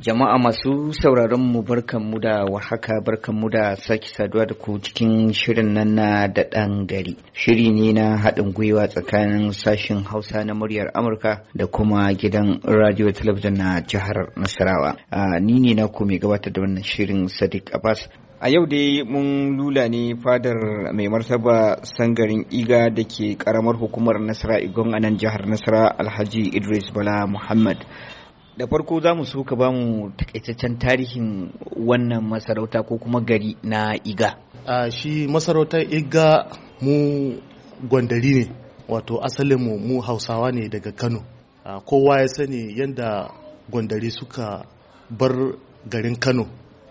Jama'a masu sauraron mu mu da barkan mu da sake saduwa da ku cikin shirin nan na da ɗan gari. Shiri ne na haɗin gwiwa tsakanin sashen Hausa na muryar Amurka da kuma gidan radio talabijin na jihar Nasarawa. Ni ne na ku mai gabatar da wannan shirin Sadiq Abbas. A yau dai mun lula ne fadar mai martaba sangarin iga da ke karamar hukumar Nasara Igon a nan jihar Nasara Alhaji Idris Bala Muhammad. da farko za mu so ka ba mu takaitaccen tarihin wannan masarauta ko kuma gari na iga a shi masarautar iga mu gwandari ne wato asalin mu mu hausawa ne daga kano kowa ya sani yadda gwandari suka bar garin kano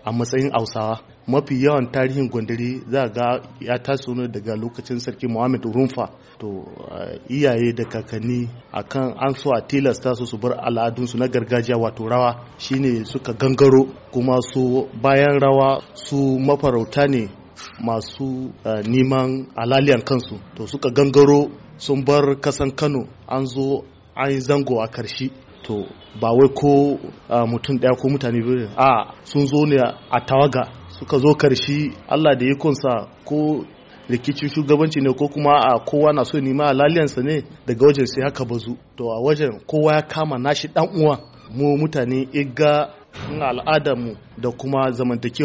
a matsayin hausawa mafi yawan tarihin gwandari za ga ya taso ne daga lokacin sarki muhammad rumfa to eh, iyaye da kakanni akan an so a tilasta su bar al'adunsu na gargajiya wato rawa shine suka gangaro kuma su bayan rawa su mafarauta ne masu eh, neman alaliyan kansu to suka gangaro sun bar kasan kano an zo an yi zango a karshe to ba wai ko eh, mutum ɗaya ko mutane biyu a sun zo ne a tawaga suka zo karshi Allah da ikonsa ko rikicin shugabanci ne ko kuma a kowa na so nima laliyansa ne daga wajen sai haka bazu to a wajen kowa ya kama nashi dan uwa mu mutane iga mu da kuma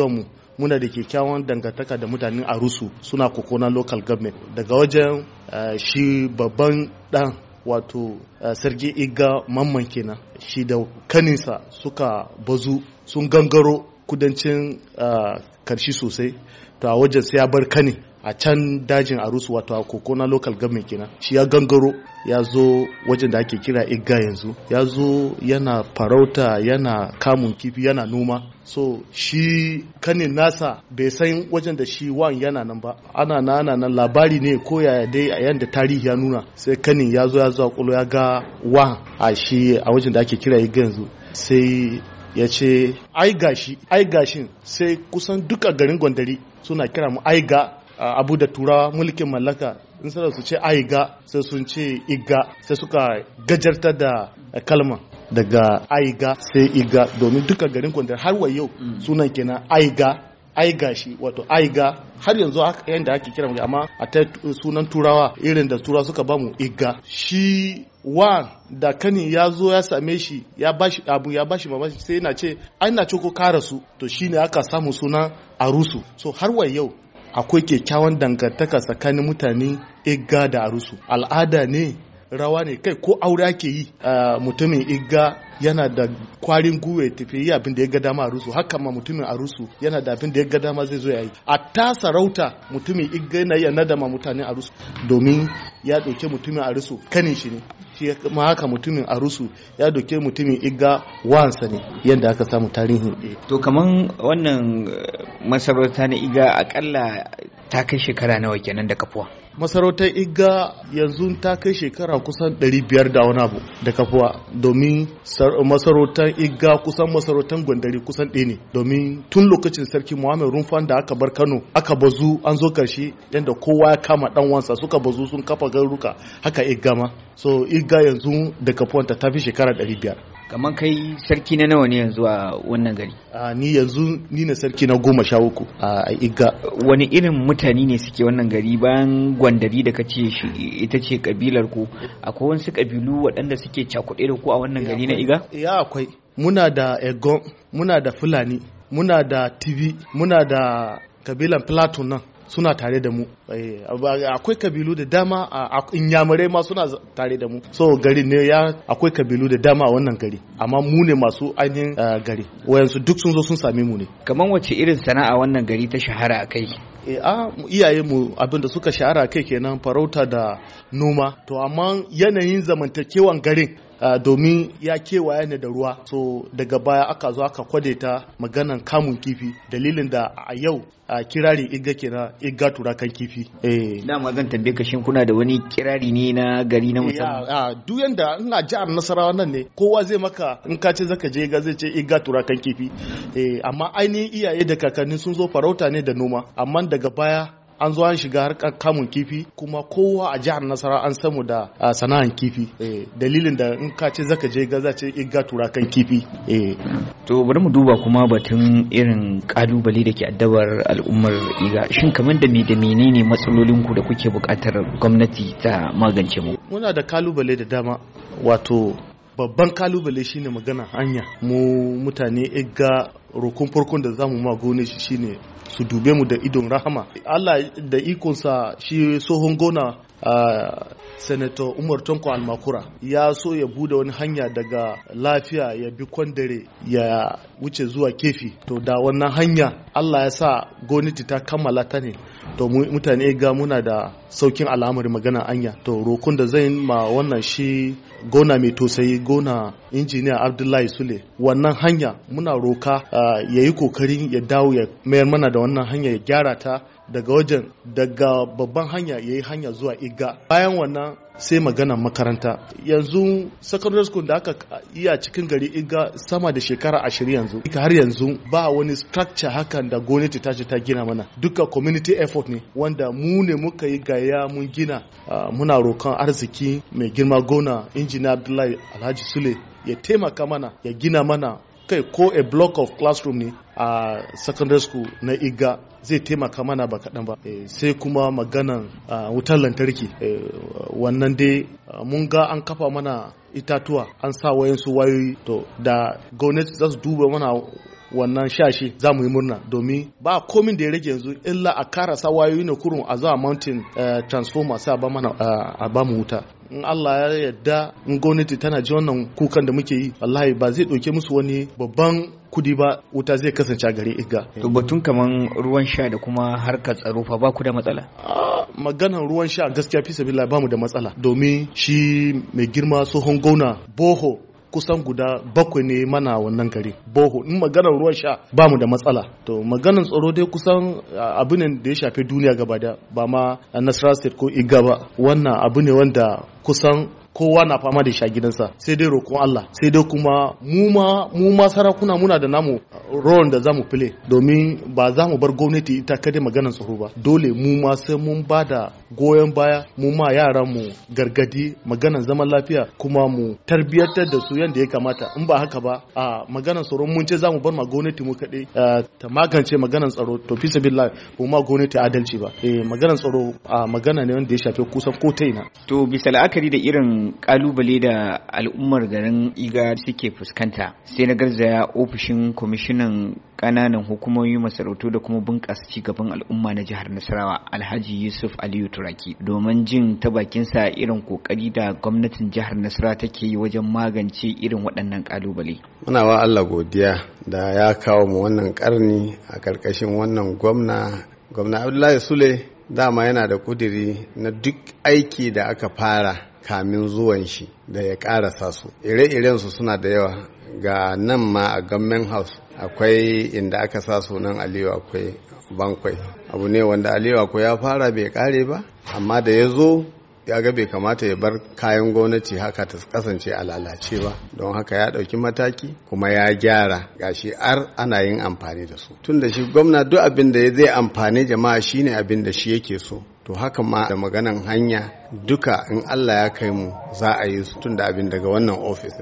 mu muna da kyakkyawan dangantaka da mutanen arusu suna kokona local government daga wajen eh, shi babban dan wato eh, sarki iga mamman kenan shi da kaninsa suka bazu sun gangaro kudancin karshi sosai to a wajen sai ya bar kani a can dajin arusu wato a na local government kenan shi ya gangaro ya zo wajen da ake kira igga yanzu ya zo yana farauta yana kamun kifi yana noma so shi kanin nasa bai san wajen da shi wan yana nan ba ana na ana nan labari ne ko yaya dai a yanda tarihi ya nuna sai kanin ya zo ya zo a ya ga wan a shi a wajen da ake kira igga yanzu sai ya ce ai gashi ai gashin sai kusan duka garin gwandari suna kira mu ai ga abu da tura mulkin mallaka in sada su ce aiga sai sun ce iga sai suka gajarta da kalma daga aiga sai iga domin duka garin gwandari har wa yau mm. sunan kenan aiga aiga shi wato aiga har yanzu yadda ake kira mu amma a ta sunan turawa irin da turawa suka bamu iga shi wan da kani ya zo ya same shi ya bashi abu ya bashi mamaki sai yana ce ai na ce ko kara su to shine aka samu suna arusu so har wa yau akwai kyakkyawan dangantaka tsakanin mutane igga da arusu al'ada ne rawa ne kai ko aure ake yi mutumin igga yana da kwarin gwiwa tafi yi abin da ya ga dama a rusu haka ma mutumin a rusu yana da abin da ya ga dama zai zo ya yi a ta sarauta mutumin igga yana iya nadama mutane a rusu domin ya ɗauke mutumin a rusu kanin shi ne shi ma haka mutumin a rusu ya doke mutumin igga wansa ne yadda aka samu tarihin eh. to kaman wannan eh, masarauta na iga akalla ta kai shekara nawa kenan da kafuwa masarautar iga yanzu ta kai shekara kusan 500 da wani abu da kafuwa domin masarautar igga kusan masarautar gwandari kusan ɗaya ne domin tun lokacin sarki muhammed rumfan da aka bar kano aka bazu an zo karshe yadda kowa ya kama dan wansa suka bazu sun kafa garuruka haka igga ma so igga yanzu da kafuwanta ta fi shekara 500 kamar kai sarki na nawa ne yanzu a wannan gari a ni yanzu ni na sarki na goma sha uku a iga wani irin mutane ne suke wannan gari bayan gwandari da kace shi ita ce kabilar ku akwai wasu kabilu waɗanda suke cakuɗe da ku a wannan gari na iga ya akwai muna da egon muna da fulani muna da tv muna da kabilan platon nan suna tare da mu eh, akwai kabilu da dama inyamurai ma suna tare da mu so gari ne ya akwai kabilu da dama a wannan gari amma mu ne masu ainihin eh, gari wayansu duk sun zo sun sami mu ne kamar wacce irin sana'a wannan gari ta shahara a kai eh, a iyaye mu abinda suka shahara kai kenan farauta da noma to amma yanayin zamantakewan garin Ah, domin ya kewaye ne da ruwa so daga baya aka zo aka kwade ta maganan kamun kifi dalilin da a yau a ah, kirari iga kenan iga turakan kifi na eh. magan tambaye ka shin kuna da wani kirari ne na gari na eh, musamman a ah, duk yanda ina jihar Nasarawa nan ne kowa zai maka in ka ce zaka je ga zai ce iga turakan kifi eh, amma ainihin iyaye da kakanni sun zo farauta ne da noma amma daga baya an zo an shiga harkar kamun kifi kuma kowa a jihar nasara an samu da sana'an kifi eh, dalilin da in ka ce zaka je gaza ce iga tura kan kifi eh. to bari mu duba kuma batun irin kalubale da ke addabar al'ummar iga shin kamar da me da menene matsalolin ku da kuke buƙatar gwamnati ta magance mu muna da kalubale da dama wato babban kalubale shine magana hanya mu mutane iga rokon farkon da zamu ma gone shi shine su dube mu da idon rahama Allah da ikonsa shi tsohon gona a senator umar tonko almakura ya so ya bude wani hanya daga lafiya ya bi kwandare ya wuce zuwa kefi to da wannan hanya allah ya sa gwamnati ta kammala ta ne to mutane ga muna da saukin al'amari magana anya to rokun da zai ma wannan shi gona mai tosai gona injiniya abdullahi sule wannan hanya muna roka ah, ya yi kokarin ya dawo ya mayar mana da wannan hanya ya gyara ta daga wajen daga babban hanya ya yi hanya zuwa Iga. bayan wannan sai magana makaranta yanzu secondary school da aka yi a cikin gari iga sama da shekara ashirin yanzu ika har yanzu ba wani structure hakan da gwamnati ta ce ta gina mana duka community effort ne wanda mu ne muka yi gaya mun gina ah, muna rokan arziki mai girma gona injiniya abdullahi alhaji sule ya taimaka mana ya gina mana kai ko a block of classroom ne a secondary school na iga zai taimaka mana ba kaɗan ba eh, sai kuma maganan wutar lantarki eh, wannan dai mun ga an kafa mana itatuwa an sa wayansu wayoyi to da gwamnati za su duba mana wannan shashi za mu yi murna domin ba komin da ya rage yanzu illa a karasa wayoyi na kurun a zuwa mountain eh, transformer sai a ba a ba mu wuta in Allah ya yarda in gwamnati tana ji wannan kukan da muke yi wallahi ba zai ɗauke musu wani babban kudi ba wuta zai kasance a garin igga to batun kaman ruwan sha da kuma harkar tsaro fa ba ku da matsala maganar ruwan sha gaskiya fi sabila ba mu da matsala domin shi mai girma tsohon gona boho kusan guda bakwai ne mana wannan gari boho in maganar ruwan sha ba mu da matsala to maganar tsaro dai kusan abu ne da ya shafi duniya gaba da ba ma nasara state ko iga ba wannan abu ne wanda kusan kowa na fama da sha gidansa sai dai roƙon Allah sai dai kuma mu ma mu ma sarakuna muna da namu rawan da zamu play domin ba za mu bar gwamnati ita kada maganar tsaro ba dole mu ma sai mun bada. goyon baya mu ma yaran mu gargadi maganan zaman lafiya kuma mu tarbiyyantar da su yadda ya kamata in ba haka ba a maganan tsaro mun ce za mu bar ma gwamnati mu kaɗai ta magance maganan tsaro to fi sabilillah mu ma gwamnati adalci ba eh maganan tsaro a magana ne wanda ya shafi kusan ko ta ina to bisa la'akari da irin kalubale da al'ummar garin iga suke fuskanta sai na garzaya ofishin kwamishinan Kananan hukumomi masarautu da kuma bunƙasa cigaban al'umma na jihar Nasarawa Alhaji Yusuf Aliyu Turaki domin jin ta bakinsa irin kokari da gwamnatin jihar Nasarawa take yi wajen magance irin waɗannan ƙalubale. Muna wa Allah godiya da ya kawo mu wannan ƙarni a ƙarƙashin wannan gwamna gwamna Abdullahi Sule dama yana da kudiri na duk aiki da aka fara kamin zuwan shi da ya ƙarasa su ire iren su suna da yawa ga nan ma a gammen house akwai inda aka sa sunan aliyu akwai bankwai abu ne wanda aliyu akwai ya fara bai kare ba amma da ya zo ya ga bai kamata ya bar kayan gwamnati haka ta kasance a lalace ba don haka ya ɗauki mataki kuma ya gyara gashi ar ana yin amfani da su tun da shi gwamna duk abin da zai amfani jama'a shine abin da shi yake so to haka ma da maganan hanya duka in allah ya kai mu za a yi su tun da abin daga wannan ofis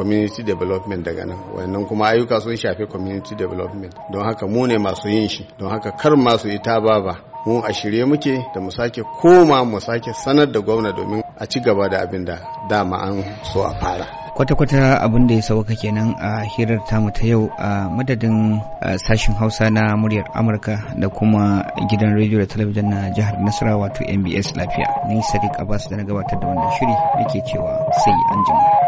community development daga nan wannan kuma ayyuka sun shafi community development don haka mu ne masu yin shi don haka kar masu ita ba mu a shirye muke da mu sake koma mu sake sanar da gwamna domin a ci gaba da abin da dama an so a fara kwata-kwata abin da ya sauka kenan a hirar ta mu ta yau a madadin sashen hausa na muryar amurka da kuma gidan rediyo da talabijin na jihar nasarawa wato mbs lafiya ni sadiq abbas da na gabatar da wannan shiri ke cewa sai an jima